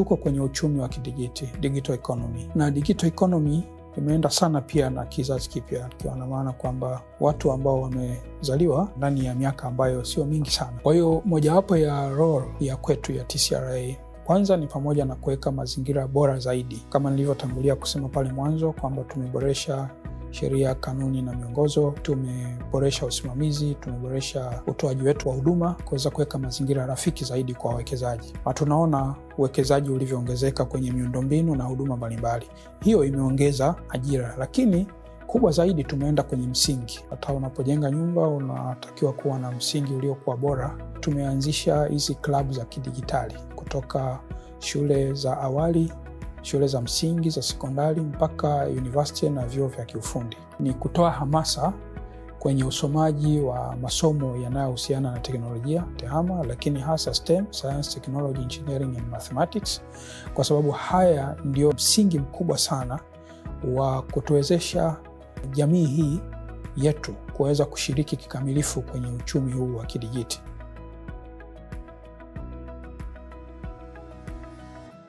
tuko kwenye uchumi wa kidijiti, digital economy, na digital economy imeenda sana pia na kizazi kipya, ikiwa na maana kwamba watu ambao wamezaliwa ndani ya miaka ambayo sio mingi sana. Kwa hiyo mojawapo ya role ya kwetu ya TCRA kwanza ni pamoja na kuweka mazingira bora zaidi, kama nilivyotangulia kusema pale mwanzo kwamba tumeboresha sheria, kanuni na miongozo. Tumeboresha usimamizi, tumeboresha utoaji wetu wa huduma kuweza kuweka mazingira rafiki zaidi kwa wawekezaji, na tunaona uwekezaji ulivyoongezeka kwenye miundombinu na huduma mbalimbali. Hiyo imeongeza ajira, lakini kubwa zaidi tumeenda kwenye msingi. Hata unapojenga nyumba unatakiwa kuwa na msingi uliokuwa bora. Tumeanzisha hizi klabu za kidijitali kutoka shule za awali shule za msingi, za sekondari mpaka university na vyuo vya kiufundi. Ni kutoa hamasa kwenye usomaji wa masomo yanayohusiana na teknolojia TEHAMA, lakini hasa STEM, science, technology, engineering and mathematics, kwa sababu haya ndio msingi mkubwa sana wa kutuwezesha jamii hii yetu kuweza kushiriki kikamilifu kwenye uchumi huu wa kidijiti.